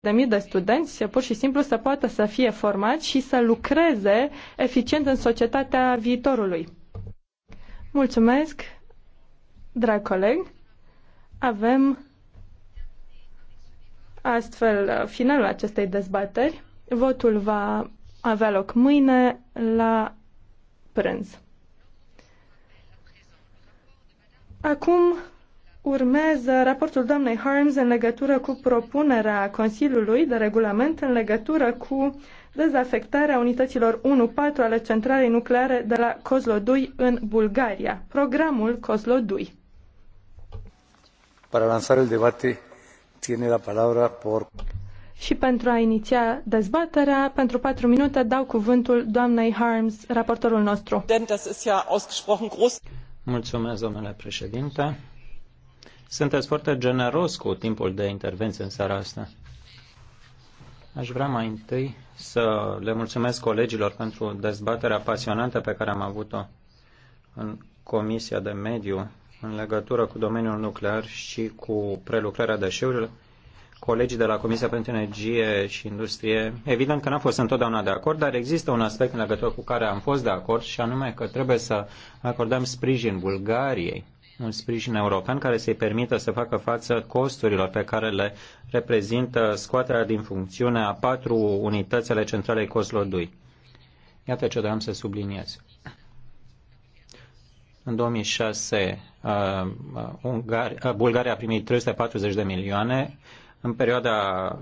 de mii de studenți pur și simplu să poată să fie formați și să lucreze eficient în societatea viitorului. Mulțumesc, drag coleg. Avem astfel finalul acestei dezbateri. Votul va avea loc mâine la prânz. Acum urmează raportul doamnei Harms în legătură cu propunerea Consiliului de regulament în legătură cu dezafectarea unităților 1-4 ale centralei nucleare de la Kozlodui în Bulgaria, programul Kozlodui. Para lanzar el debate, tiene la palabra por... Și pentru a iniția dezbaterea, pentru patru minute dau cuvântul doamnei Harms, raportorul nostru. Mulțumesc, domnule președinte. Sunteți foarte generos cu timpul de intervenție în seara asta. Aș vrea mai întâi să le mulțumesc colegilor pentru dezbaterea pasionantă pe care am avut-o în Comisia de Mediu în legătură cu domeniul nuclear și cu prelucrarea deșeurilor. Colegii de la Comisia pentru Energie și Industrie, evident că n-am fost întotdeauna de acord, dar există un aspect în legătură cu care am fost de acord și anume că trebuie să acordăm sprijin Bulgariei un sprijin european care să-i permită să facă față costurilor pe care le reprezintă scoaterea din funcțiune a patru unități ale centralei Coslodui. Iată ce doream să subliniez. În 2006, uh, uh Ungaria, uh, Bulgaria a primit 340 de milioane. În perioada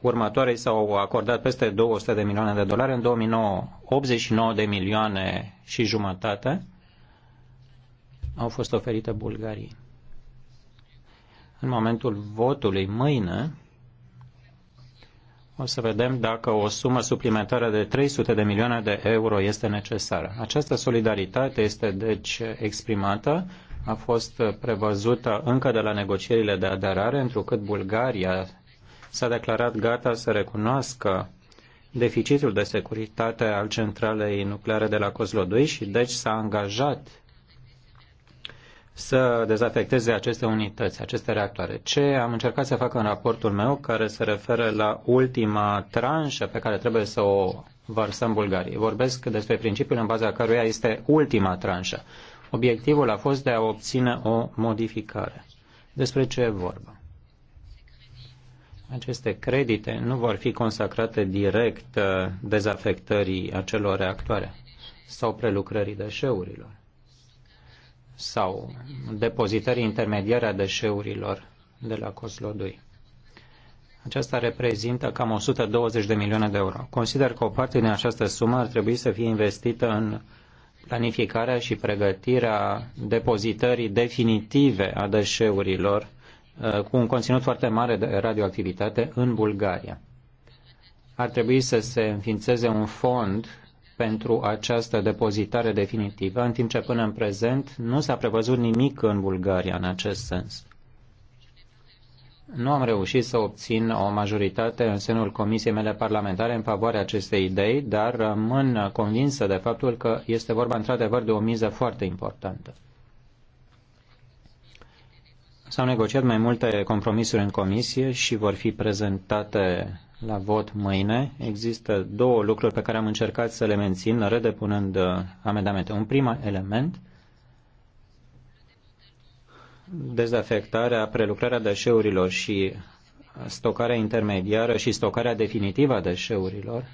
următoare s-au acordat peste 200 de milioane de dolari. În 2009, 89 de milioane și jumătate au fost oferite Bulgariei. În momentul votului mâine, o să vedem dacă o sumă suplimentară de 300 de milioane de euro este necesară. Această solidaritate este deci exprimată, a fost prevăzută încă de la negocierile de aderare, întrucât Bulgaria s-a declarat gata să recunoască deficitul de securitate al centralei nucleare de la Kozlodui și deci s-a angajat să dezafecteze aceste unități, aceste reactoare. Ce am încercat să fac în raportul meu, care se referă la ultima tranșă pe care trebuie să o varsăm Bulgariei. Vorbesc despre principiul în baza căruia este ultima tranșă. Obiectivul a fost de a obține o modificare. Despre ce e vorba? Aceste credite nu vor fi consacrate direct uh, dezafectării acelor reactoare sau prelucrării deșeurilor sau depozitării intermediare a deșeurilor de la Coslodui. Aceasta reprezintă cam 120 de milioane de euro. Consider că o parte din această sumă ar trebui să fie investită în planificarea și pregătirea depozitării definitive a deșeurilor uh, cu un conținut foarte mare de radioactivitate în Bulgaria. Ar trebui să se înființeze un fond pentru această depozitare definitivă, în timp ce până în prezent nu s-a prevăzut nimic în Bulgaria în acest sens. Nu am reușit să obțin o majoritate în senul comisiei mele parlamentare în favoarea acestei idei, dar rămân convinsă de faptul că este vorba într-adevăr de o miză foarte importantă. S-au negociat mai multe compromisuri în comisie și vor fi prezentate la vot mâine. Există două lucruri pe care am încercat să le mențin, redepunând uh, amendamente. Un prim element, dezafectarea, prelucrarea deșeurilor și stocarea intermediară și stocarea definitivă a deșeurilor.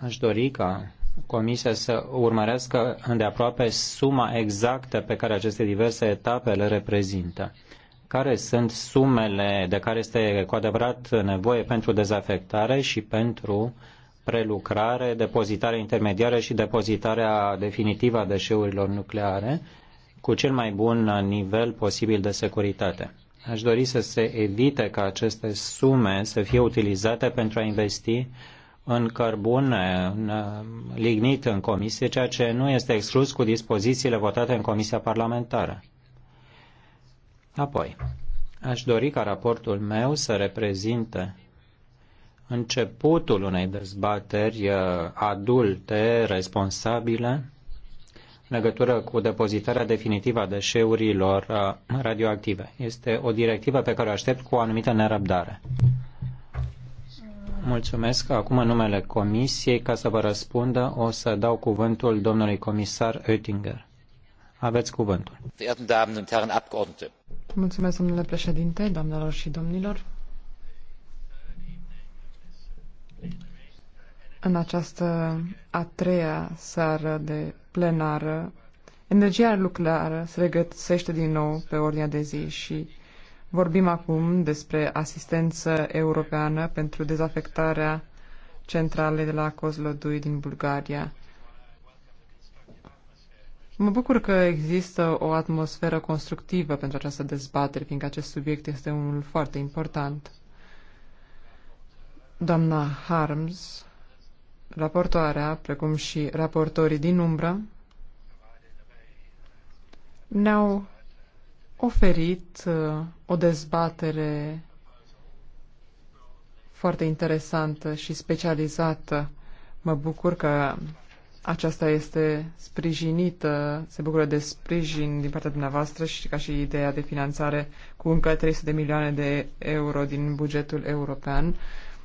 Aș dori ca Comisia să urmărească îndeaproape suma exactă pe care aceste diverse etape le reprezintă care sunt sumele de care este cu adevărat nevoie pentru dezafectare și pentru prelucrare, depozitarea intermediară și depozitarea definitivă a deșeurilor nucleare cu cel mai bun nivel posibil de securitate. Aș dori să se evite ca aceste sume să fie utilizate pentru a investi în cărbune, în lignit în comisie, ceea ce nu este exclus cu dispozițiile votate în comisia parlamentară. Apoi, aș dori ca raportul meu să reprezinte începutul unei dezbateri uh, adulte, responsabile, în legătură cu depozitarea definitivă a deșeurilor uh, radioactive. Este o directivă pe care o aștept cu o anumită nerăbdare. Mulțumesc. Acum în numele Comisiei, ca să vă răspundă, o să dau cuvântul domnului comisar Oettinger. Aveți cuvântul. Mulțumesc, domnule președinte, doamnelor și domnilor. În această a treia seară de plenară, energia nucleară se regăsește din nou pe ordinea de zi și vorbim acum despre asistență europeană pentru dezafectarea centralei de la Kozlodui din Bulgaria. Mă bucur că există o atmosferă constructivă pentru această dezbatere, fiindcă acest subiect este unul foarte important. Doamna Harms, raportoarea, precum și raportorii din umbră, ne-au oferit uh, o dezbatere foarte interesantă și specializată. Mă bucur că aceasta este sprijinită, se bucură de sprijin din partea dumneavoastră și ca și ideea de finanțare cu încă 300 de milioane de euro din bugetul european,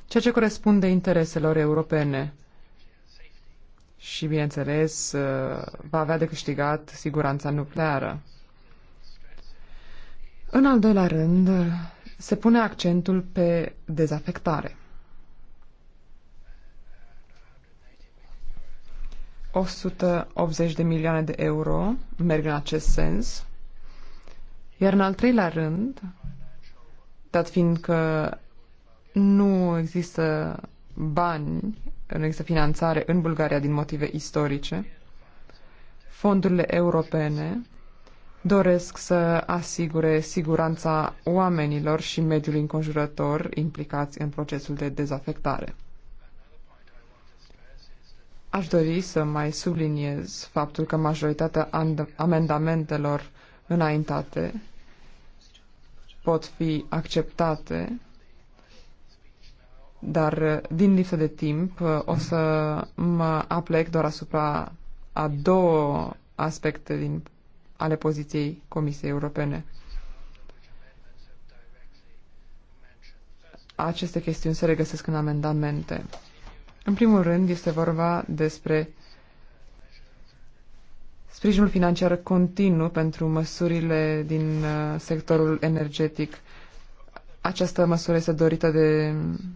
ceea ce corespunde intereselor europene. Și, bineînțeles, va avea de câștigat siguranța nucleară. În al doilea rând, se pune accentul pe dezafectare. 180 de milioane de euro merg în acest sens. Iar în al treilea rând, dat fiind că nu există bani, nu există finanțare în Bulgaria din motive istorice, fondurile europene doresc să asigure siguranța oamenilor și mediului înconjurător implicați în procesul de dezafectare. Aș dori să mai subliniez faptul că majoritatea amendamentelor înaintate pot fi acceptate, dar din lipsă de timp o să mă aplec doar asupra a două aspecte din, ale poziției Comisiei Europene. Aceste chestiuni se regăsesc în amendamente. În primul rând, este vorba despre sprijinul financiar continuu pentru măsurile din uh, sectorul energetic. Această măsură este dorită de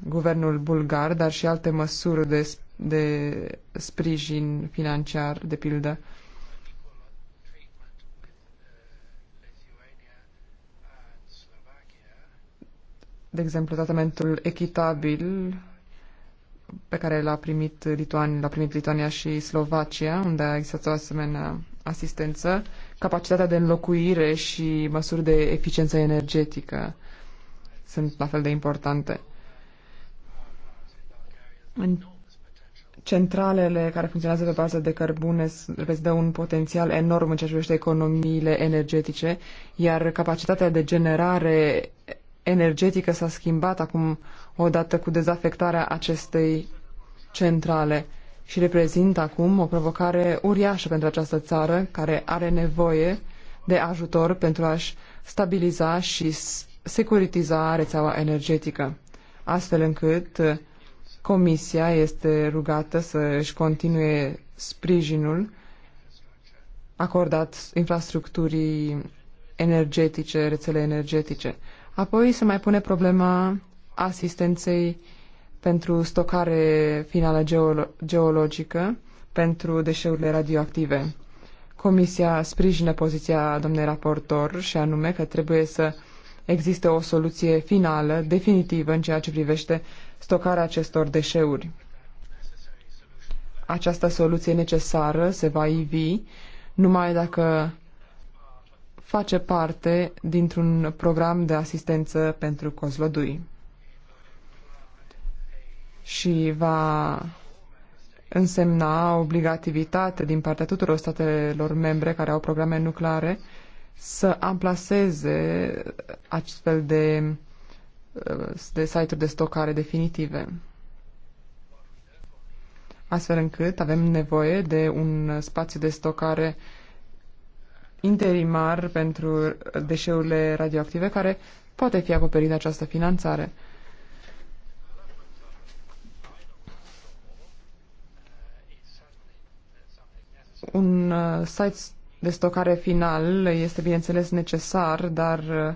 guvernul bulgar, dar și alte măsuri de, de sprijin financiar, de pildă. De exemplu, tratamentul echitabil pe care l-a primit, Lituan, l-a primit Lituania și Slovacia, unde a existat o asemenea asistență, capacitatea de înlocuire și măsuri de eficiență energetică sunt la fel de importante. În centralele care funcționează pe bază de cărbune reprezintă un potențial enorm în ceea ce privește economiile energetice, iar capacitatea de generare energetică s-a schimbat acum odată cu dezafectarea acestei centrale și reprezintă acum o provocare uriașă pentru această țară care are nevoie de ajutor pentru a-și stabiliza și securitiza rețeaua energetică, astfel încât Comisia este rugată să își continue sprijinul acordat infrastructurii energetice, rețele energetice. Apoi se mai pune problema asistenței pentru stocare finală geolo- geologică pentru deșeurile radioactive. Comisia sprijină poziția domnului raportor și anume că trebuie să existe o soluție finală, definitivă, în ceea ce privește stocarea acestor deșeuri. Această soluție necesară se va ivi numai dacă face parte dintr-un program de asistență pentru cozlodui și va însemna obligativitate din partea tuturor statelor membre care au programe nucleare să amplaseze astfel de, de site-uri de stocare definitive. Astfel încât avem nevoie de un spațiu de stocare interimar pentru deșeurile radioactive care poate fi acoperit de această finanțare. Un uh, site de stocare final este, bineînțeles, necesar, dar uh,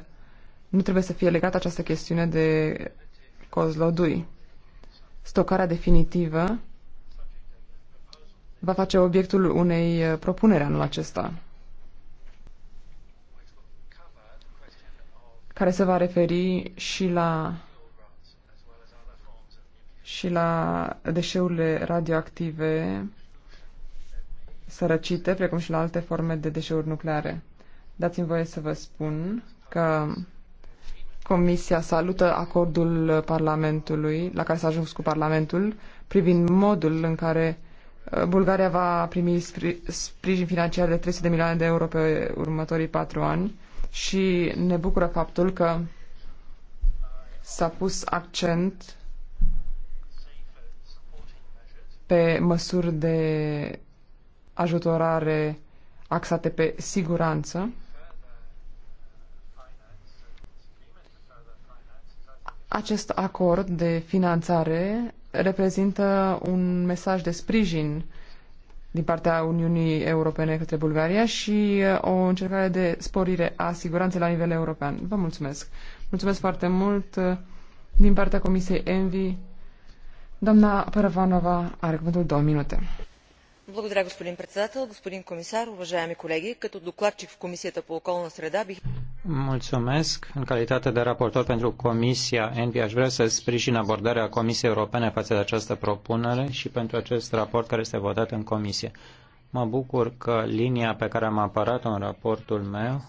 nu trebuie să fie legată această chestiune de cozlodui. Stocarea definitivă va face obiectul unei uh, propuneri anul acesta, care se va referi și la și la deșeurile radioactive sărăcite, precum și la alte forme de deșeuri nucleare. Dați-mi voie să vă spun că Comisia salută acordul Parlamentului, la care s-a ajuns cu Parlamentul, privind modul în care uh, Bulgaria va primi sprijin financiar de 300 de milioane de euro pe următorii patru ani și ne bucură faptul că s-a pus accent pe măsuri de ajutorare axate pe siguranță. Acest acord de finanțare reprezintă un mesaj de sprijin din partea Uniunii Europene către Bulgaria și uh, o încercare de sporire a siguranței la nivel european. Vă mulțumesc! Mulțumesc foarte mult uh, din partea Comisiei Envi. Doamna Părăvanova are cuvântul două minute господин председател господин комисар уважаеми колеги като докладчик в комисията по околна среда бих Mulțumesc. În calitate de raportor pentru Comisia ENVI, aș vrea să sprijin abordarea Comisiei Europene față de această propunere și pentru acest raport care este votat în Comisie. Mă bucur că linia pe care am apărat-o în raportul meu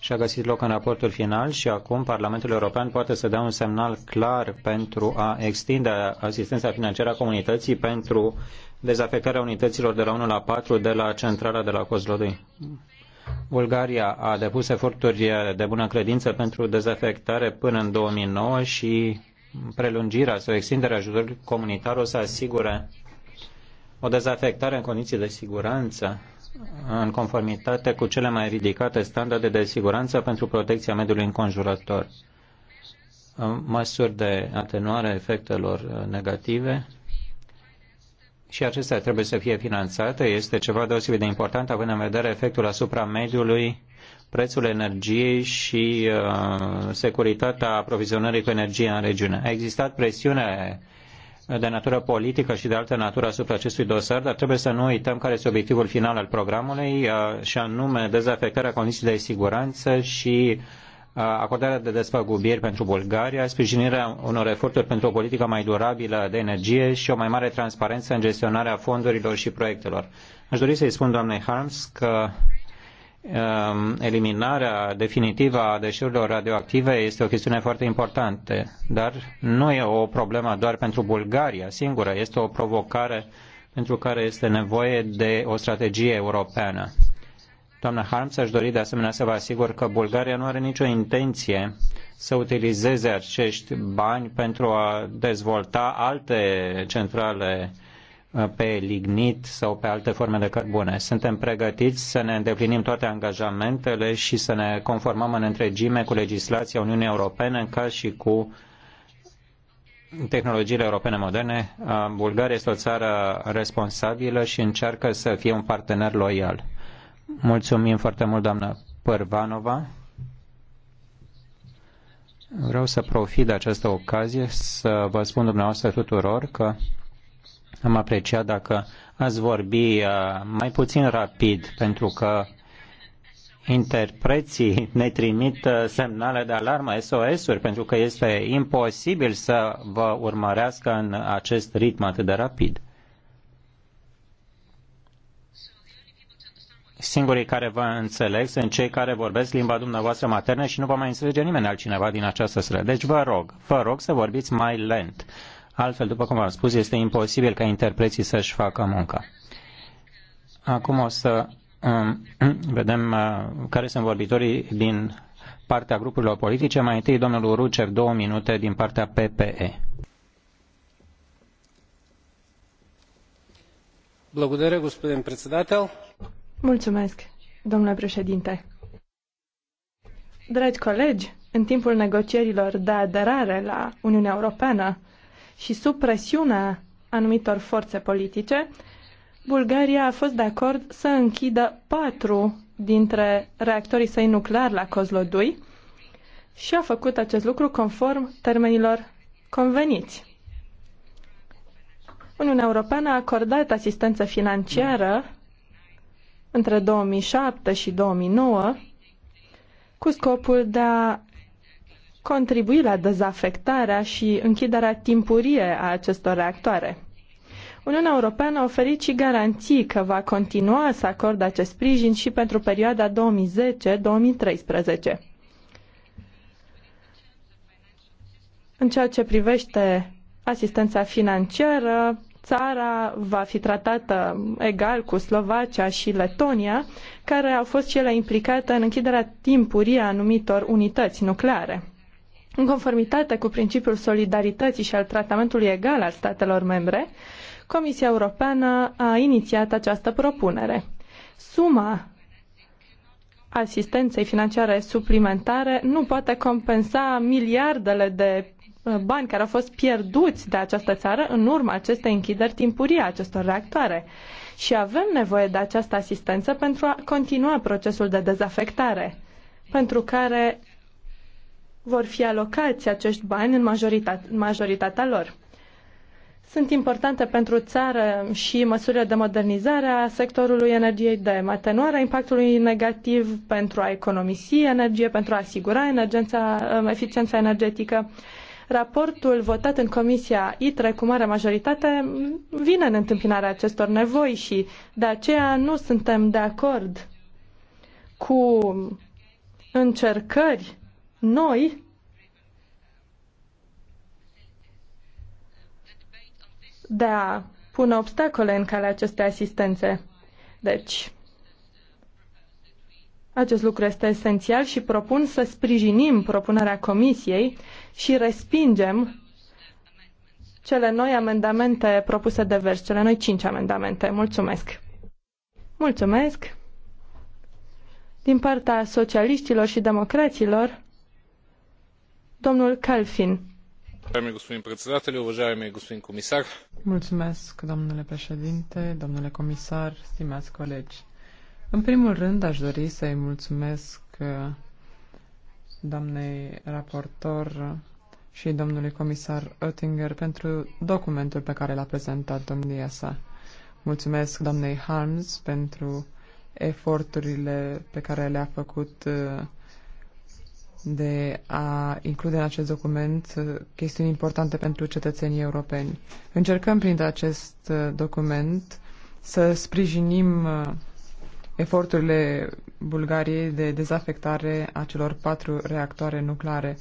și-a găsit loc în raportul final și acum Parlamentul European poate să dea un semnal clar pentru a extinde asistența financiară a comunității pentru dezafectarea unităților de la 1 la 4 de la centrala de la Cozlodui. Bulgaria a depus eforturi de bună credință pentru dezafectare până în 2009 și prelungirea sau extinderea ajutorului comunitar o să asigure o dezafectare în condiții de siguranță în conformitate cu cele mai ridicate standarde de siguranță pentru protecția mediului înconjurător. Măsuri de atenuare efectelor negative și acestea trebuie să fie finanțate. Este ceva deosebit de important având în vedere efectul asupra mediului, prețul energiei și uh, securitatea aprovizionării cu energie în regiune. A existat presiune de natură politică și de altă natură asupra acestui dosar, dar trebuie să nu uităm care este obiectivul final al programului uh, și anume dezafectarea condițiilor de siguranță și uh, acordarea de despăgubiri pentru Bulgaria, sprijinirea unor eforturi pentru o politică mai durabilă de energie și o mai mare transparență în gestionarea fondurilor și proiectelor. Aș dori să-i spun doamnei Harms că um, eliminarea definitivă a deșeurilor radioactive este o chestiune foarte importantă, dar nu e o problemă doar pentru Bulgaria singură, este o provocare pentru care este nevoie de o strategie europeană. Doamna Harms, aș dori de asemenea să vă asigur că Bulgaria nu are nicio intenție să utilizeze acești bani pentru a dezvolta alte centrale uh, pe lignit sau pe alte forme de cărbune. Suntem pregătiți să ne îndeplinim toate angajamentele și să ne conformăm în întregime cu legislația Uniunii Europene ca și cu tehnologiile europene moderne. Uh, Bulgaria este o țară responsabilă și încearcă să fie un partener loial. Mulțumim foarte mult, doamnă Părvanova. Vreau să profit de această ocazie să vă spun dumneavoastră tuturor că am apreciat dacă ați vorbi uh, mai puțin rapid, pentru că interpreții ne trimit uh, semnale de alarmă, SOS-uri, pentru că este imposibil să vă urmărească în acest ritm atât de rapid. singurii care vă înțeleg sunt cei care vorbesc limba dumneavoastră maternă și nu vă mai înțelege nimeni altcineva din această stră. Deci vă rog, vă rog să vorbiți mai lent. Altfel, după cum am spus, este imposibil ca interpreții să-și facă munca. Acum o să um, vedem uh, care sunt vorbitorii din partea grupurilor politice. Mai întâi, domnul Rucev, două minute din partea PPE. Благодаря, господин председател. Mulțumesc, domnule președinte. Dragi colegi, în timpul negocierilor de aderare la Uniunea Europeană și sub presiunea anumitor forțe politice, Bulgaria a fost de acord să închidă patru dintre reactorii săi nucleari la Kozlodui și a făcut acest lucru conform termenilor conveniți. Uniunea Europeană a acordat asistență financiară între 2007 și 2009 cu scopul de a contribui la dezafectarea și închiderea timpurie a acestor reactoare. Uniunea Europeană a oferit și garanții că va continua să acorde acest sprijin și pentru perioada 2010-2013. În ceea ce privește asistența financiară, țara va fi tratată egal cu Slovacia și Letonia, care au fost cele implicate în închiderea timpurie a anumitor unități nucleare. În conformitate cu principiul solidarității și al tratamentului egal al statelor membre, Comisia Europeană a inițiat această propunere. Suma asistenței financiare suplimentare nu poate compensa miliardele de Uh, bani care au fost pierduți de această țară în urma acestei închideri timpurii a acestor reactoare. Și avem nevoie de această asistență pentru a continua procesul de dezafectare, pentru care vor fi alocați acești bani în majoritate, majoritatea lor. Sunt importante pentru țară și măsurile de modernizare a sectorului energiei, de atenuarea impactului negativ pentru a economisi energie, pentru a asigura eficiența energetică Raportul votat în Comisia ITRE cu mare majoritate vine în întâmpinarea acestor nevoi și de aceea nu suntem de acord cu încercări noi de a pune obstacole în calea acestei asistențe. Deci, acest lucru este esențial și propun să sprijinim propunerea Comisiei și respingem cele noi amendamente propuse de vers, cele noi cinci amendamente. Mulțumesc! Mulțumesc! Din partea socialiștilor și democraților, domnul Calfin. Mulțumesc, domnule președinte, domnule comisar, stimați colegi. În primul rând, aș dori să-i mulțumesc uh, doamnei raportor și domnului comisar Oettinger pentru documentul pe care l-a prezentat domnia sa. Mulțumesc doamnei Harms pentru eforturile pe care le-a făcut uh, de a include în acest document uh, chestiuni importante pentru cetățenii europeni. Încercăm prin acest document să sprijinim eforturile Bulgariei de dezafectare a celor patru reactoare nucleare.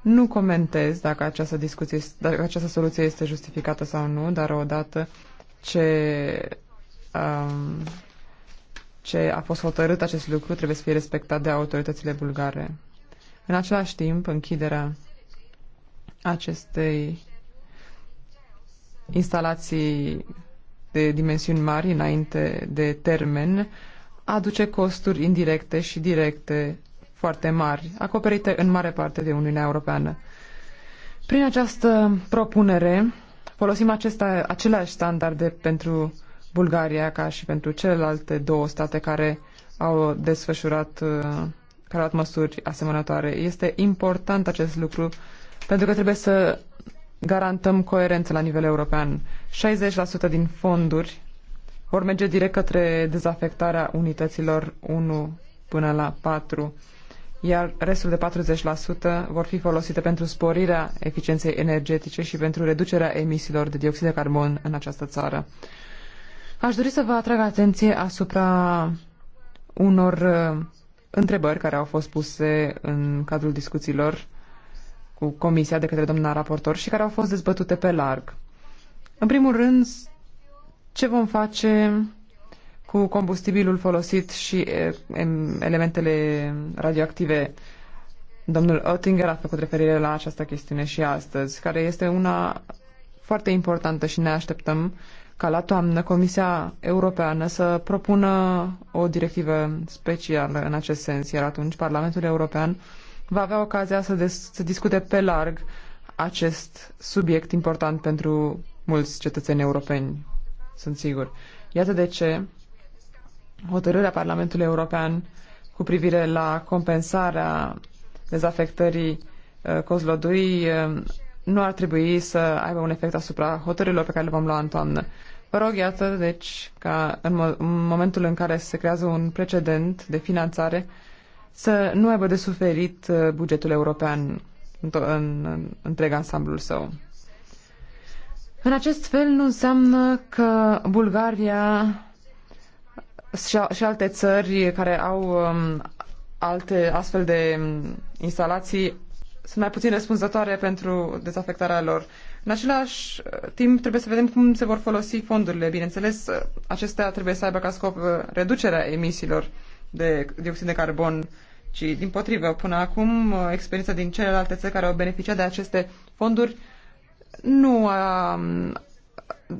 Nu comentez dacă această, discuție, dacă această soluție este justificată sau nu, dar odată ce, um, ce a fost hotărât acest lucru trebuie să fie respectat de autoritățile bulgare. În același timp, închiderea acestei instalații de dimensiuni mari înainte de termen aduce costuri indirecte și directe foarte mari, acoperite în mare parte de Uniunea Europeană. Prin această propunere folosim acesta, aceleași standarde pentru Bulgaria ca și pentru celelalte două state care au desfășurat uh, care au luat măsuri asemănătoare. Este important acest lucru pentru că trebuie să garantăm coerență la nivel european. 60% din fonduri vor merge direct către dezafectarea unităților 1 până la 4, iar restul de 40% vor fi folosite pentru sporirea eficienței energetice și pentru reducerea emisiilor de dioxid de carbon în această țară. Aș dori să vă atrag atenție asupra unor uh, întrebări care au fost puse în cadrul discuțiilor cu comisia de către doamna raportor și care au fost dezbătute pe larg. În primul rând, ce vom face cu combustibilul folosit și elementele radioactive? Domnul Oettinger a făcut referire la această chestiune și astăzi, care este una foarte importantă și ne așteptăm ca la toamnă Comisia Europeană să propună o directivă specială în acest sens, iar atunci Parlamentul European va avea ocazia să, des- să discute pe larg acest subiect important pentru mulți cetățeni europeni sunt sigur. Iată de ce hotărârea Parlamentului European cu privire la compensarea dezafectării uh, Cozlodui uh, nu ar trebui să aibă un efect asupra hotărârilor pe care le vom lua în toamnă. Vă rog, iată, deci, ca în, momentul în care se creează un precedent de finanțare, să nu aibă de suferit uh, bugetul european în, în, în întreg ansamblul său. În acest fel nu înseamnă că Bulgaria și alte țări care au um, alte astfel de um, instalații sunt mai puțin răspunzătoare pentru dezafectarea lor. În același uh, timp, trebuie să vedem cum se vor folosi fondurile. Bineînțeles, uh, acestea trebuie să aibă ca scop uh, reducerea emisiilor de dioxid de carbon, ci din potrivă, până acum, experiența din celelalte țări care au beneficiat de aceste fonduri nu a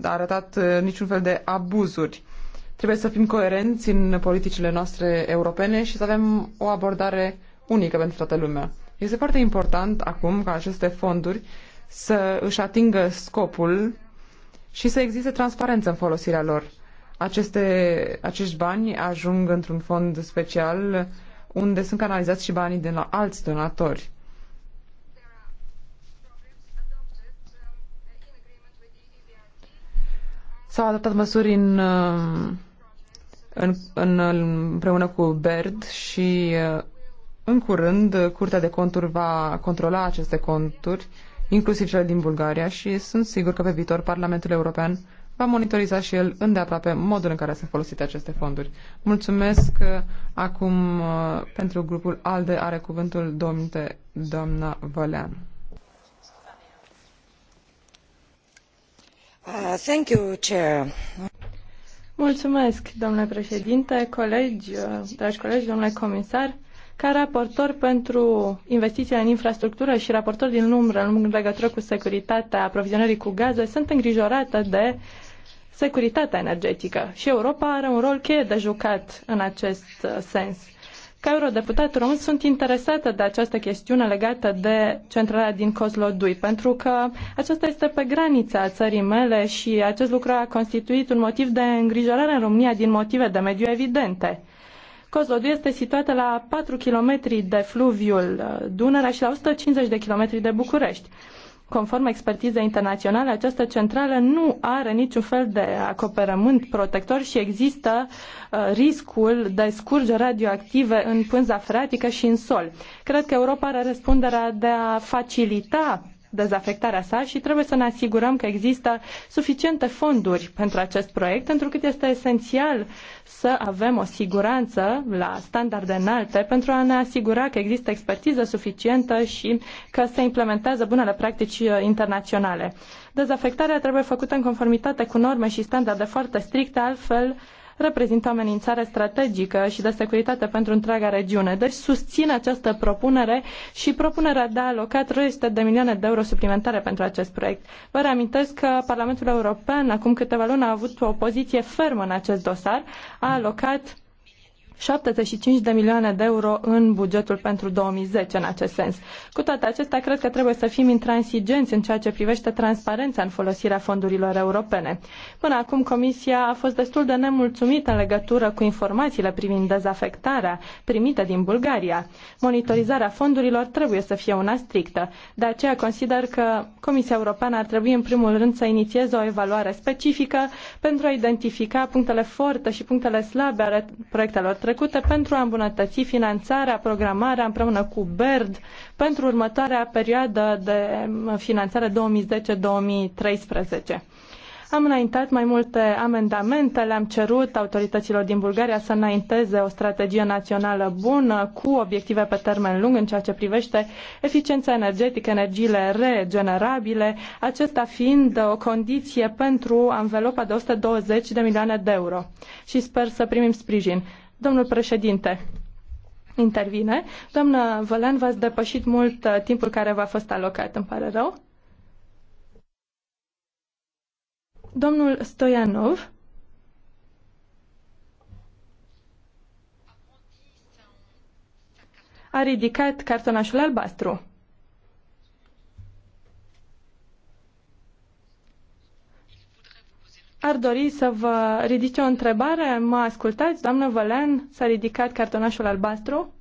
arătat niciun fel de abuzuri. Trebuie să fim coerenți în politicile noastre europene și să avem o abordare unică pentru toată lumea. Este foarte important acum ca aceste fonduri să își atingă scopul și să existe transparență în folosirea lor. Aceste, acești bani ajung într-un fond special unde sunt canalizați și banii de la alți donatori. S-au adoptat măsuri în, uh, în, în, împreună cu BERD și uh, în curând Curtea de Conturi va controla aceste conturi, inclusiv cele din Bulgaria și sunt sigur că pe viitor Parlamentul European va monitoriza și el îndeaproape modul în care sunt folosite aceste fonduri. Mulțumesc acum uh, pentru grupul ALDE are cuvântul domnite doamna Vălean. Uh, Mulțumesc, domnule președinte, colegi, uh, dragi colegi, domnule comisar. Ca raportor pentru investițiile în infrastructură și raportor din umbră în legătură cu securitatea aprovizionării cu gaze, sunt îngrijorată de securitatea energetică și Europa are un rol cheie de jucat în acest uh, sens. Ca eurodeputat român sunt interesată de această chestiune legată de centrala din Kozlodui, pentru că aceasta este pe granița țării mele și acest lucru a constituit un motiv de îngrijorare în România din motive de mediu evidente. Kozlodui este situată la 4 km de fluviul uh, Dunărea și la 150 de km de București. Conform expertizei internaționale, această centrală nu are niciun fel de acoperământ protector și există uh, riscul de scurge radioactive în pânza freatică și în sol. Cred că Europa are răspunderea de a facilita dezafectarea sa și trebuie să ne asigurăm că există suficiente fonduri pentru acest proiect, pentru că este esențial să avem o siguranță la standarde înalte pentru a ne asigura că există expertiză suficientă și că se implementează bunele practici uh, internaționale. Dezafectarea trebuie făcută în conformitate cu norme și standarde foarte stricte, altfel reprezintă amenințare strategică și de securitate pentru întreaga regiune. Deci susțin această propunere și propunerea de a aloca 300 de milioane de euro suplimentare pentru acest proiect. Vă reamintesc că Parlamentul European acum câteva luni a avut o poziție fermă în acest dosar, a alocat 75 de milioane de euro în bugetul pentru 2010 în acest sens. Cu toate acestea, cred că trebuie să fim intransigenți în ceea ce privește transparența în folosirea fondurilor europene. Până acum, Comisia a fost destul de nemulțumită în legătură cu informațiile privind dezafectarea primită din Bulgaria. Monitorizarea fondurilor trebuie să fie una strictă. De aceea consider că Comisia Europeană ar trebui în primul rând să inițieze o evaluare specifică pentru a identifica punctele forte și punctele slabe ale proiectelor trecute pentru a îmbunătăți finanțarea, programarea împreună cu BERD pentru următoarea perioadă de finanțare 2010-2013. Am înaintat mai multe amendamente, le-am cerut autorităților din Bulgaria să înainteze o strategie națională bună cu obiective pe termen lung în ceea ce privește eficiența energetică, energiile regenerabile, acesta fiind o condiție pentru anvelopa de 120 de milioane de euro. Și sper să primim sprijin. Domnul președinte, intervine. Doamnă Vălan, v-ați depășit mult uh, timpul care v-a fost alocat, îmi pare rău. Domnul Stoianov. A ridicat cartonașul albastru. Ar dori să vă ridice o întrebare. Mă ascultați? Doamna Vălean, s-a ridicat cartonașul albastru.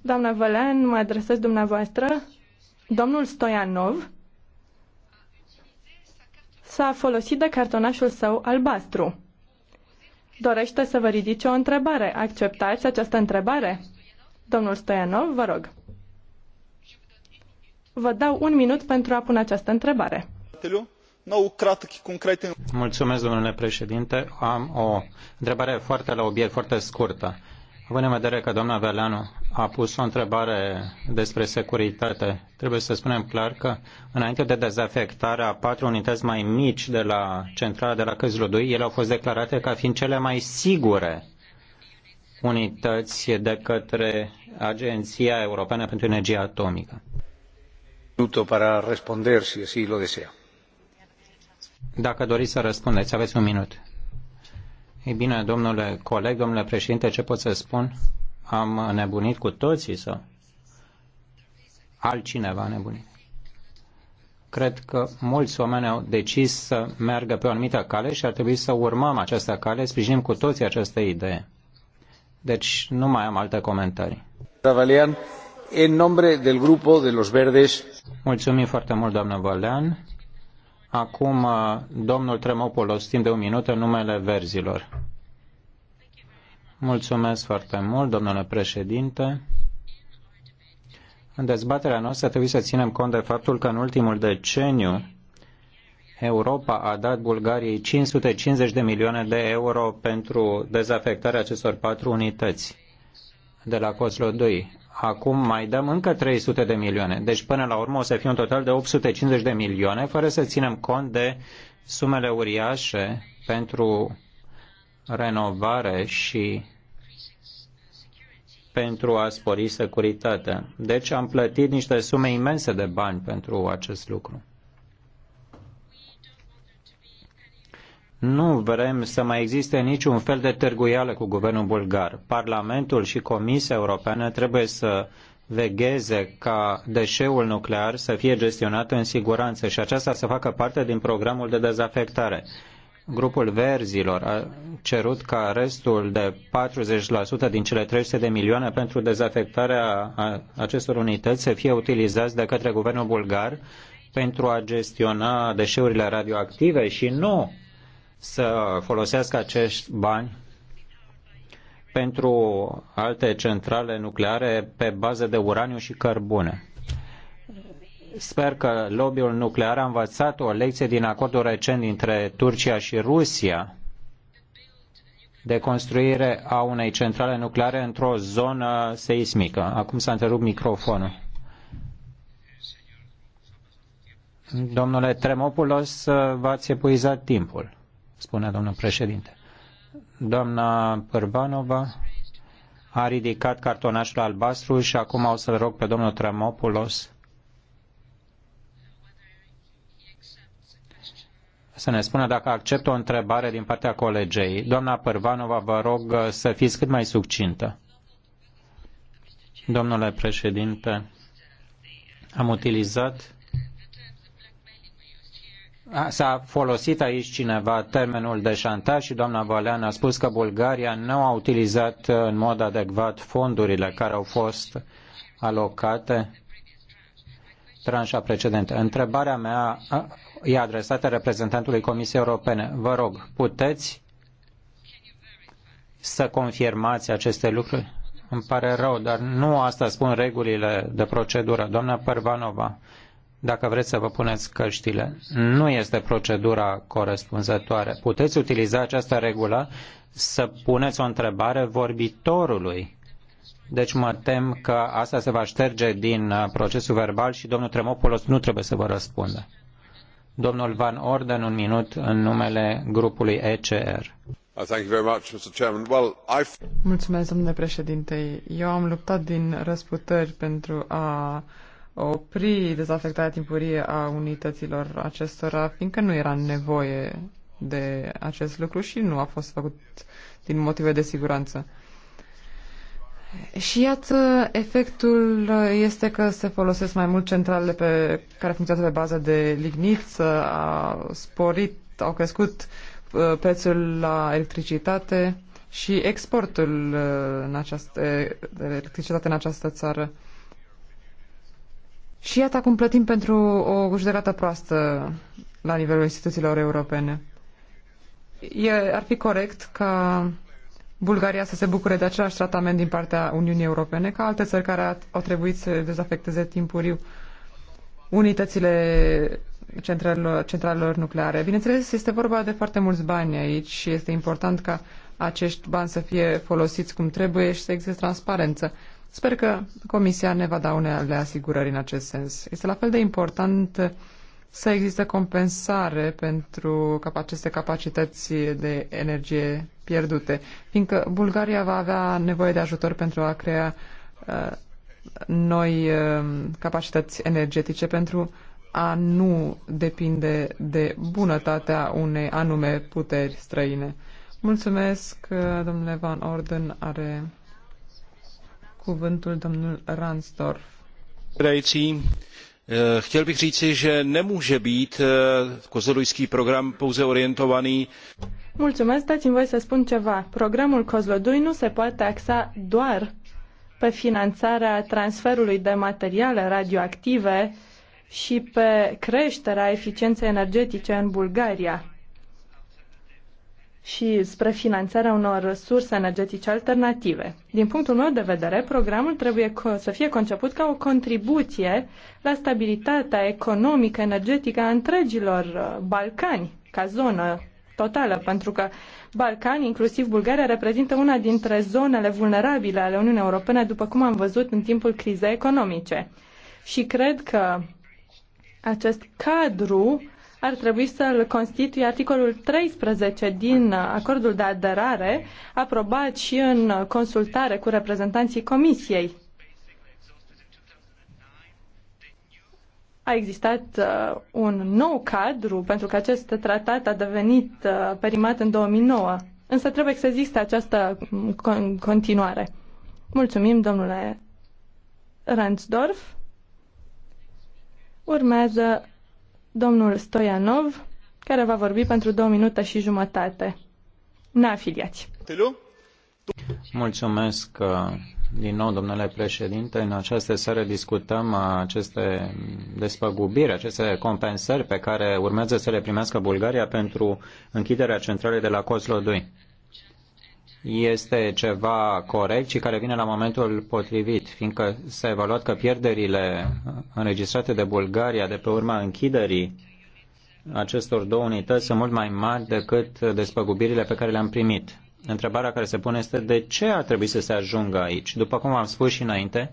Doamna Vălean, mă adresez dumneavoastră. Domnul Stoianov s-a folosit de cartonașul său albastru. Dorește să vă ridice o întrebare. Acceptați această întrebare? Domnul Stoianov, vă rog. Vă dau un minut pentru a pune această întrebare. Mulțumesc, domnule președinte. Am o întrebare foarte la obiect, foarte scurtă. Având în vedere că doamna Veleanu a pus o întrebare despre securitate, trebuie să spunem clar că înainte de dezafectarea a patru unități mai mici de la centrala de la Căzlodui, ele au fost declarate ca fiind cele mai sigure unități de către Agenția Europeană pentru Energie Atomică. Minuto para responder si así lo desea. Dacă doriți să răspundeți, aveți un minut. Ei bine, domnule coleg, domnule președinte, ce pot să spun? Am nebunit cu toții sau altcineva a nebunit? Cred că mulți oameni au decis să meargă pe o anumită cale și ar trebui să urmăm această cale, sprijinim cu toții această idee. Deci nu mai am alte comentarii. Valian, în nombre del grupo de los verdes. Mulțumim foarte mult, doamnă Valean. Acum, uh, domnul Tremopoulos, timp de un minut, în numele verzilor. Mulțumesc foarte mult, domnule președinte. În dezbaterea noastră trebuie să ținem cont de faptul că în ultimul deceniu Europa a dat Bulgariei 550 de milioane de euro pentru dezafectarea acestor patru unități de la Coslodui acum mai dăm încă 300 de milioane. Deci până la urmă o să fie un total de 850 de milioane, fără să ținem cont de sumele uriașe pentru renovare și pentru a spori securitatea. Deci am plătit niște sume imense de bani pentru acest lucru. Nu vrem să mai existe niciun fel de târguială cu guvernul bulgar. Parlamentul și Comisia Europeană trebuie să vegheze ca deșeul nuclear să fie gestionat în siguranță și aceasta să facă parte din programul de dezafectare. Grupul Verzilor a cerut ca restul de 40% din cele 300 de milioane pentru dezafectarea acestor unități să fie utilizați de către guvernul bulgar pentru a gestiona deșeurile radioactive și nu să folosească acești bani pentru alte centrale nucleare pe bază de uraniu și cărbune. Sper că lobby-ul nuclear a învățat o lecție din acordul recent dintre Turcia și Rusia de construire a unei centrale nucleare într-o zonă seismică. Acum s-a întrerupt microfonul. Domnule Tremopulos, v-ați epuizat timpul spunea domnul președinte. Doamna Pârbanova a ridicat cartonașul albastru și acum o să-l rog pe domnul Tremopulos să ne spună dacă acceptă o întrebare din partea colegei. Doamna Pârbanova, vă rog să fiți cât mai succintă. Domnule președinte, am utilizat S-a folosit aici cineva termenul de șantaj și doamna Valean a spus că Bulgaria nu a utilizat uh, în mod adecvat fondurile care au fost alocate tranșa precedentă. Întrebarea mea e adresată reprezentantului Comisiei Europene. Vă rog, puteți să confirmați aceste lucruri? Îmi pare rău, dar nu asta spun regulile de procedură. Doamna Parvanova dacă vreți să vă puneți căștile. Nu este procedura corespunzătoare. Puteți utiliza această regulă să puneți o întrebare vorbitorului. Deci mă tem că asta se va șterge din uh, procesul verbal și domnul Tremopoulos nu trebuie să vă răspundă. Domnul Van Orden, un minut în numele grupului ECR. Uh, Mulțumesc, domnule președinte. Eu am luptat din răsputări pentru a opri dezafectarea timpurie a unităților acestora, fiindcă nu era nevoie de acest lucru și nu a fost făcut din motive de siguranță. Și iată, efectul este că se folosesc mai mult centralele pe, care funcționează pe bază de ligniță, a sporit, au crescut uh, prețul la electricitate și exportul uh, în această, uh, electricitate în această țară. Și iată cum plătim pentru o gușderată proastă la nivelul instituțiilor europene. E, ar fi corect ca Bulgaria să se bucure de același tratament din partea Uniunii Europene ca alte țări care au trebuit să dezafecteze timpuriu unitățile centralelor, centralelor nucleare. Bineînțeles, este vorba de foarte mulți bani aici și este important ca acești bani să fie folosiți cum trebuie și să existe transparență. Sper că Comisia ne va da unele asigurări în acest sens. Este la fel de important să existe compensare pentru aceste capacități de energie pierdute, fiindcă Bulgaria va avea nevoie de ajutor pentru a crea uh, noi uh, capacități energetice pentru a nu depinde de bunătatea unei anume puteri străine. Mulțumesc, uh, domnule Van Orden, are cuvântul domnul Ransdorf. Předající, eh, chtěl bych říci, že nemůže být eh, kozlodujský program pouze orientovaný. Mulțumesc, dați-mi voie să spun ceva. Programul Kozlodui nu se poate axa doar pe finanțarea transferului de materiale radioactive și pe creșterea eficienței energetice în Bulgaria și spre finanțarea unor resurse energetice alternative. Din punctul meu de vedere, programul trebuie să fie conceput ca o contribuție la stabilitatea economică energetică a întregilor uh, Balcani ca zonă totală, pentru că Balcani, inclusiv Bulgaria, reprezintă una dintre zonele vulnerabile ale Uniunii Europene, după cum am văzut în timpul crizei economice. Și cred că acest cadru ar trebui să-l constituie articolul 13 din acordul de aderare, aprobat și în consultare cu reprezentanții Comisiei. a existat uh, un nou cadru pentru că acest tratat a devenit uh, perimat în 2009. Însă trebuie să existe această mm, con- continuare. Mulțumim, domnule Ransdorf. Urmează domnul Stoianov, care va vorbi pentru două minute și jumătate. Neafiliați. Mulțumesc uh, din nou, domnule președinte. În această seară discutăm uh, aceste despăgubiri, aceste compensări pe care urmează să le primească Bulgaria pentru închiderea centralei de la Kozlodui este ceva corect și care vine la momentul potrivit, fiindcă s-a evaluat că pierderile înregistrate de Bulgaria de pe urma închiderii acestor două unități sunt mult mai mari decât despăgubirile pe care le-am primit. Întrebarea care se pune este de ce ar trebui să se ajungă aici? După cum am spus și înainte,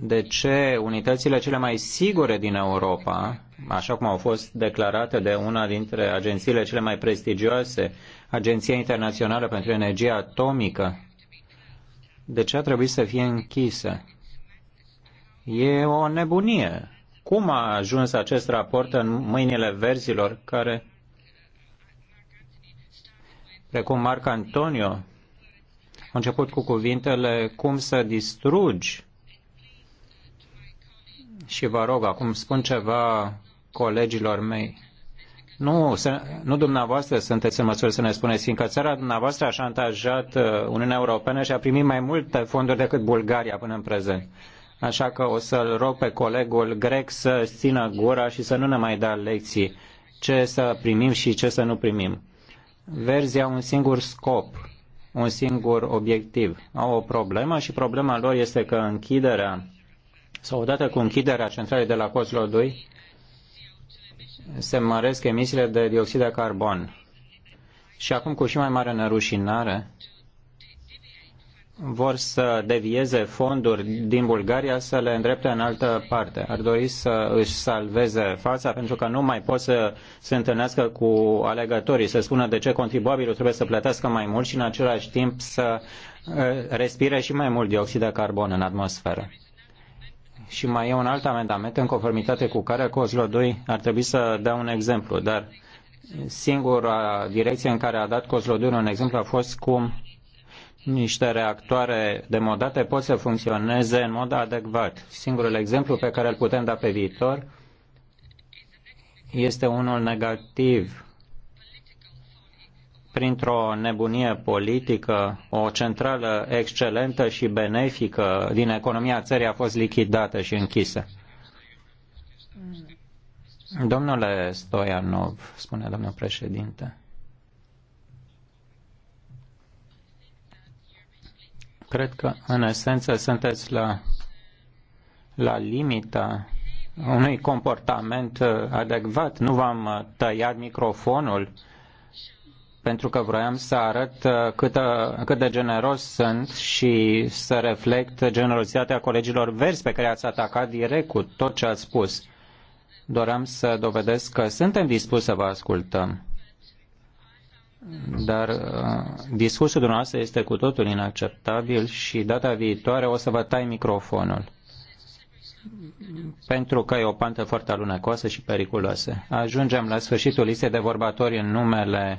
de ce unitățile cele mai sigure din Europa, așa cum au fost declarate de una dintre agențiile cele mai prestigioase Agenția Internațională pentru Energie Atomică, de ce a trebuit să fie închisă? E o nebunie. Cum a ajuns acest raport în mâinile verzilor care, precum Marc Antonio, a început cu cuvintele cum să distrugi și vă rog, acum spun ceva colegilor mei. Nu, să, nu dumneavoastră sunteți în măsură să ne spuneți, fiindcă țara dumneavoastră a șantajat uh, Uniunea Europeană și a primit mai multe fonduri decât Bulgaria până în prezent. Așa că o să-l rog pe colegul grec să țină gura și să nu ne mai dea lecții ce să primim și ce să nu primim. Verzi au un singur scop, un singur obiectiv. Au o problemă și problema lor este că închiderea sau odată cu închiderea centralei de la Coslodui, se măresc emisiile de dioxid de carbon. Și acum, cu și mai mare nerușinare, vor să devieze fonduri din Bulgaria să le îndrepte în altă parte. Ar dori să își salveze fața pentru că nu mai pot să se întâlnească cu alegătorii, să spună de ce contribuabilul trebuie să plătească mai mult și în același timp să eh, respire și mai mult dioxid de carbon în atmosferă și mai e un alt amendament în conformitate cu care COSLO 2 ar trebui să dea un exemplu, dar singura direcție în care a dat COSLO 2 un exemplu a fost cum niște reactoare demodate pot să funcționeze în mod adecvat. Singurul exemplu pe care îl putem da pe viitor este unul negativ printr-o nebunie politică, o centrală excelentă și benefică din economia țării a fost lichidată și închisă. Domnule Stoianov, spune domnul președinte, cred că în esență sunteți la, la limita unui comportament adecvat. Nu v-am tăiat microfonul pentru că vroiam să arăt uh, cât, uh, cât de generos sunt și să reflect generozitatea colegilor verzi pe care ați atacat direct cu tot ce ați spus. Doream să dovedesc că suntem dispuși să vă ascultăm. Dar uh, discursul dumneavoastră este cu totul inacceptabil și data viitoare o să vă tai microfonul. Pentru că e o pantă foarte alunecoasă și periculoasă. Ajungem la sfârșitul listei de vorbatori în numele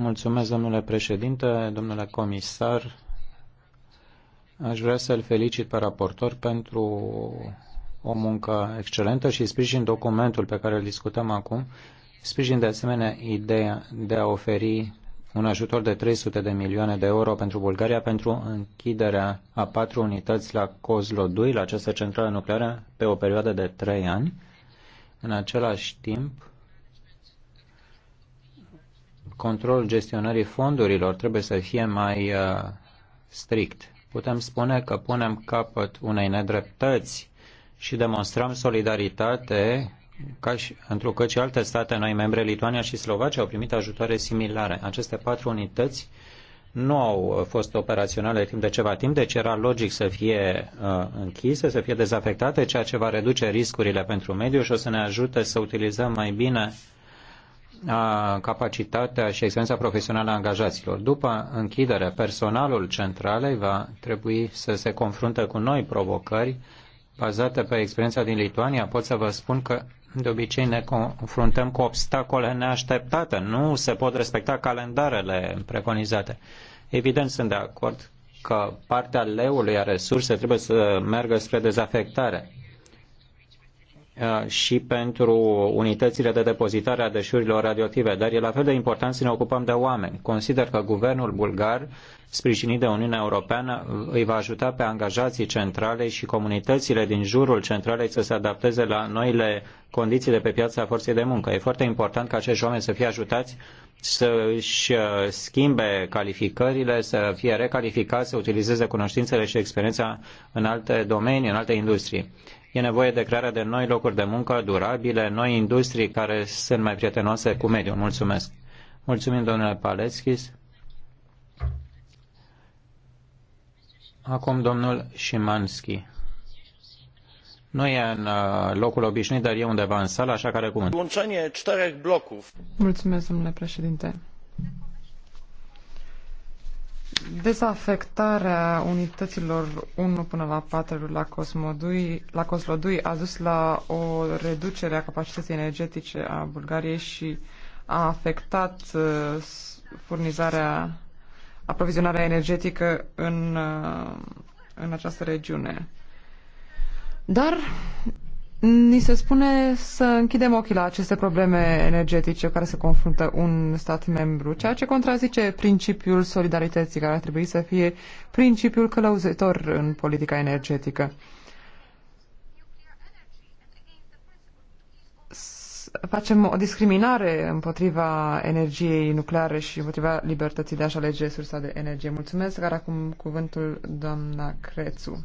Mulțumesc, domnule președinte, domnule comisar. Aș vrea să-l felicit pe raportor pentru o muncă excelentă și sprijin documentul pe care îl discutăm acum. Sprijin de asemenea ideea de a oferi un ajutor de 300 de milioane de euro pentru Bulgaria pentru închiderea a patru unități la Kozlodui, la această centrală nucleară, pe o perioadă de trei ani. În același timp, controlul gestionării fondurilor trebuie să fie mai uh, strict. Putem spune că punem capăt unei nedreptăți și demonstrăm solidaritate ca și, întrucât și alte state noi membre, Lituania și Slovacia, au primit ajutoare similare. Aceste patru unități nu au uh, fost operaționale timp de ceva timp, deci era logic să fie uh, închise, să fie dezafectate, ceea ce va reduce riscurile pentru mediu și o să ne ajute să utilizăm mai bine uh, capacitatea și experiența profesională a angajaților. După închidere, personalul centralei va trebui să se confrunte cu noi provocări bazate pe experiența din Lituania. Pot să vă spun că de obicei ne confruntăm cu obstacole neașteptate. Nu se pot respecta calendarele preconizate. Evident, sunt de acord că partea leului a resurse trebuie să meargă spre dezafectare. Uh, și pentru unitățile de depozitare a deșurilor radioactive, dar e la fel de important să ne ocupăm de oameni. Consider că guvernul bulgar, sprijinit de Uniunea Europeană, îi va ajuta pe angajații centralei și comunitățile din jurul centralei să se adapteze la noile condiții de pe piața forței de muncă. E foarte important ca acești oameni să fie ajutați să își uh, schimbe calificările, să fie recalificați, să utilizeze cunoștințele și experiența în alte domenii, în alte industrii. E nevoie de crearea de noi locuri de muncă durabile, noi industrii care sunt mai prietenoase cu mediul. Mulțumesc. Mulțumim, domnule Paleschis. Acum domnul Șimanski. Nu e în uh, locul obișnuit, dar e undeva în sală, așa care cuvânt. Mulțumesc, domnule președinte. Dezafectarea unităților 1 până la 4 la, Cosmodui, la Coslodui a dus la o reducere a capacității energetice a Bulgariei și a afectat uh, furnizarea, aprovizionarea energetică în, uh, în această regiune. Dar Ni se spune să închidem ochii la aceste probleme energetice cu care se confruntă un stat membru, ceea ce contrazice principiul solidarității, care ar trebui să fie principiul călăuzitor în politica energetică. facem o discriminare împotriva energiei nucleare și împotriva libertății de a-și alege sursa de energie. Mulțumesc, dar acum cuvântul doamna Crețu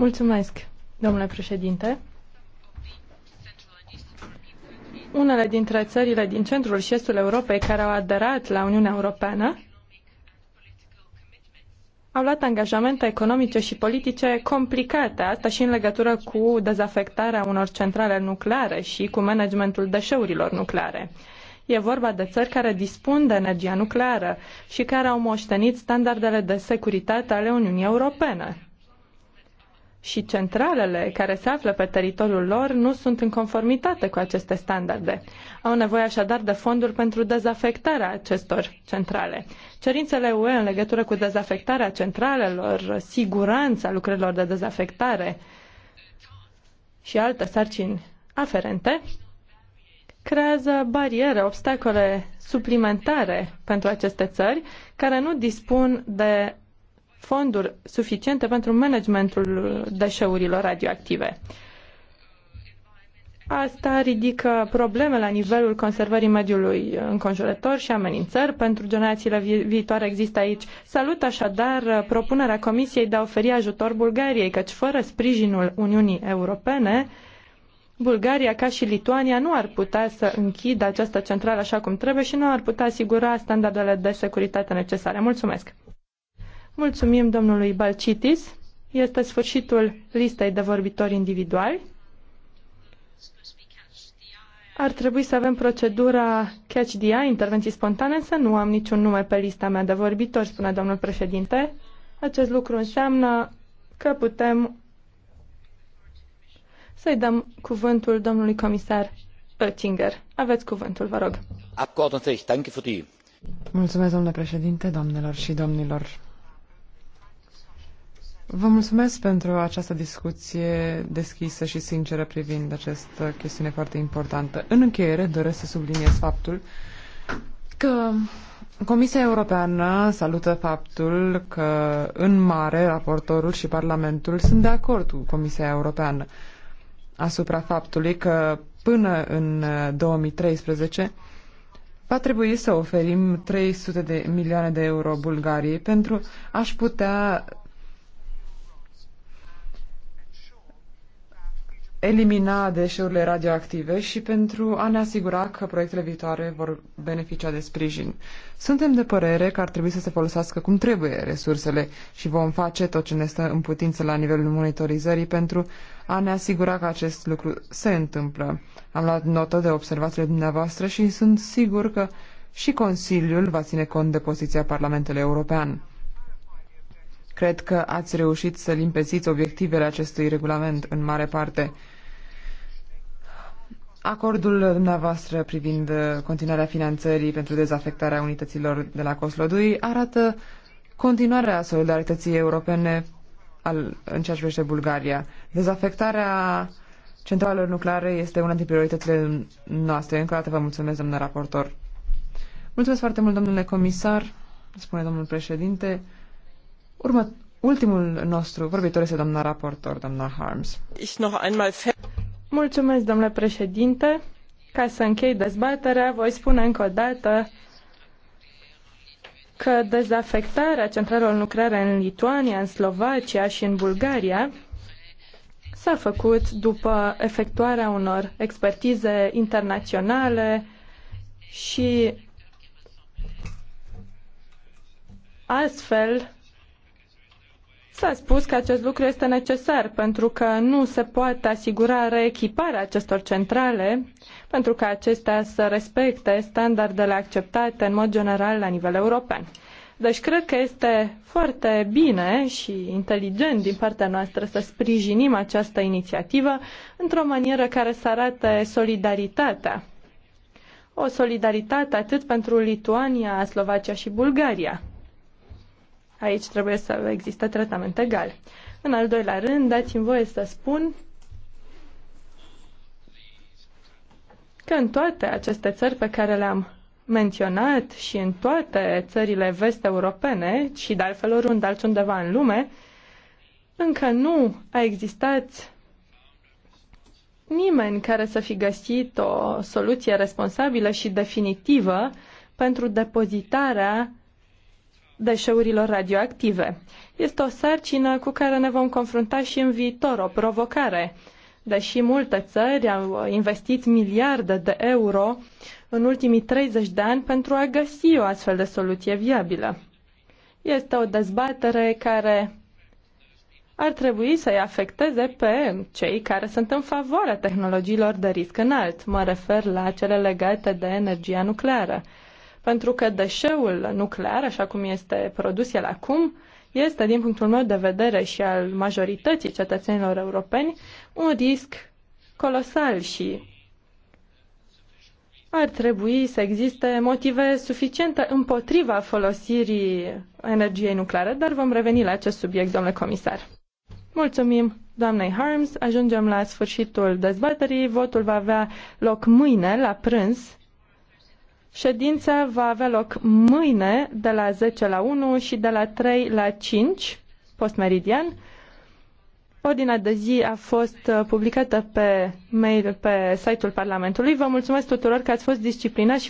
Mulțumesc, domnule președinte. Unele dintre țările din centrul și estul Europei care au aderat la Uniunea Europeană au luat angajamente economice și politice complicate, asta și în legătură cu dezafectarea unor centrale nucleare și cu managementul deșeurilor nucleare. E vorba de țări care dispun de energia nucleară și care au moștenit standardele de securitate ale Uniunii Europene și centralele care se află pe teritoriul lor nu sunt în conformitate cu aceste standarde. Au nevoie așadar de fonduri pentru dezafectarea acestor centrale. Cerințele UE în legătură cu dezafectarea centralelor, siguranța lucrărilor de dezafectare și alte sarcini aferente creează bariere, obstacole suplimentare pentru aceste țări care nu dispun de fonduri suficiente pentru managementul deșeurilor radioactive. Asta ridică probleme la nivelul conservării mediului înconjurător și amenințări pentru generațiile vi viitoare există aici. Salut așadar propunerea Comisiei de a oferi ajutor Bulgariei, căci fără sprijinul Uniunii Europene, Bulgaria, ca și Lituania, nu ar putea să închidă această centrală așa cum trebuie și nu ar putea asigura standardele de securitate necesare. Mulțumesc! Mulțumim domnului Balcitis. Este sfârșitul listei de vorbitori individuali. Ar trebui să avem procedura catch the eye, intervenții spontane, să nu am niciun nume pe lista mea de vorbitori, spune domnul președinte. Acest lucru înseamnă că putem să-i dăm cuvântul domnului comisar Oettinger. Aveți cuvântul, vă rog. Mulțumesc, domnule președinte, doamnelor și domnilor Vă mulțumesc pentru această discuție deschisă și sinceră privind această chestiune foarte importantă. În încheiere, doresc să subliniez faptul că Comisia Europeană salută faptul că, în mare, raportorul și Parlamentul sunt de acord cu Comisia Europeană asupra faptului că, până în 2013, va trebui să oferim 300 de milioane de euro Bulgariei pentru a-și putea elimina deșeurile radioactive și pentru a ne asigura că proiectele viitoare vor beneficia de sprijin. Suntem de părere că ar trebui să se folosească cum trebuie resursele și vom face tot ce ne stă în putință la nivelul monitorizării pentru a ne asigura că acest lucru se întâmplă. Am luat notă de observațiile dumneavoastră și sunt sigur că și Consiliul va ține cont de poziția Parlamentului European. Cred că ați reușit să limpeziți obiectivele acestui regulament în mare parte. Acordul dumneavoastră privind uh, continuarea finanțării pentru dezafectarea unităților de la Coslodui arată continuarea solidarității europene al, în ceea ce privește Bulgaria. Dezafectarea centralelor nucleare este una dintre prioritățile noastre. Încă o dată vă mulțumesc, domnule raportor. Mulțumesc foarte mult, domnule comisar, spune domnul președinte. Urmă, ultimul nostru vorbitor este doamna raportor, doamna Harms. Ich noch Mulțumesc, domnule președinte. Ca să închei dezbaterea, voi spune încă o dată că dezafectarea centralelor nucleare în Lituania, în Slovacia și în Bulgaria s-a făcut după efectuarea unor expertize internaționale și astfel S-a spus că acest lucru este necesar pentru că nu se poate asigura reechiparea acestor centrale pentru ca acestea să respecte standardele acceptate în mod general la nivel european. Deci cred că este foarte bine și inteligent din partea noastră să sprijinim această inițiativă într-o manieră care să arate solidaritatea. O solidaritate atât pentru Lituania, Slovacia și Bulgaria. Aici trebuie să existe tratament egal. În al doilea rând, dați-mi voie să spun că în toate aceste țări pe care le-am menționat și în toate țările vest-europene și de altfel oriunde altundeva în lume, încă nu a existat nimeni care să fi găsit o soluție responsabilă și definitivă pentru depozitarea deșeurilor radioactive. Este o sarcină cu care ne vom confrunta și în viitor, o provocare. Deși multe țări au investit miliarde de euro în ultimii 30 de ani pentru a găsi o astfel de soluție viabilă. Este o dezbatere care ar trebui să-i afecteze pe cei care sunt în favoarea tehnologiilor de risc înalt. Mă refer la cele legate de energia nucleară pentru că deșeul nuclear, așa cum este produs el acum, este, din punctul meu de vedere și al majorității cetățenilor europeni, un risc colosal și ar trebui să existe motive suficiente împotriva folosirii energiei nucleare, dar vom reveni la acest subiect, domnule comisar. Mulțumim doamnei Harms. Ajungem la sfârșitul dezbaterii. Votul va avea loc mâine la prânz Ședința va avea loc mâine de la 10 la 1 și de la 3 la 5 postmeridian. Ordinea de zi a fost uh, publicată pe mail pe site-ul Parlamentului. Vă mulțumesc tuturor că ați fost disciplinați și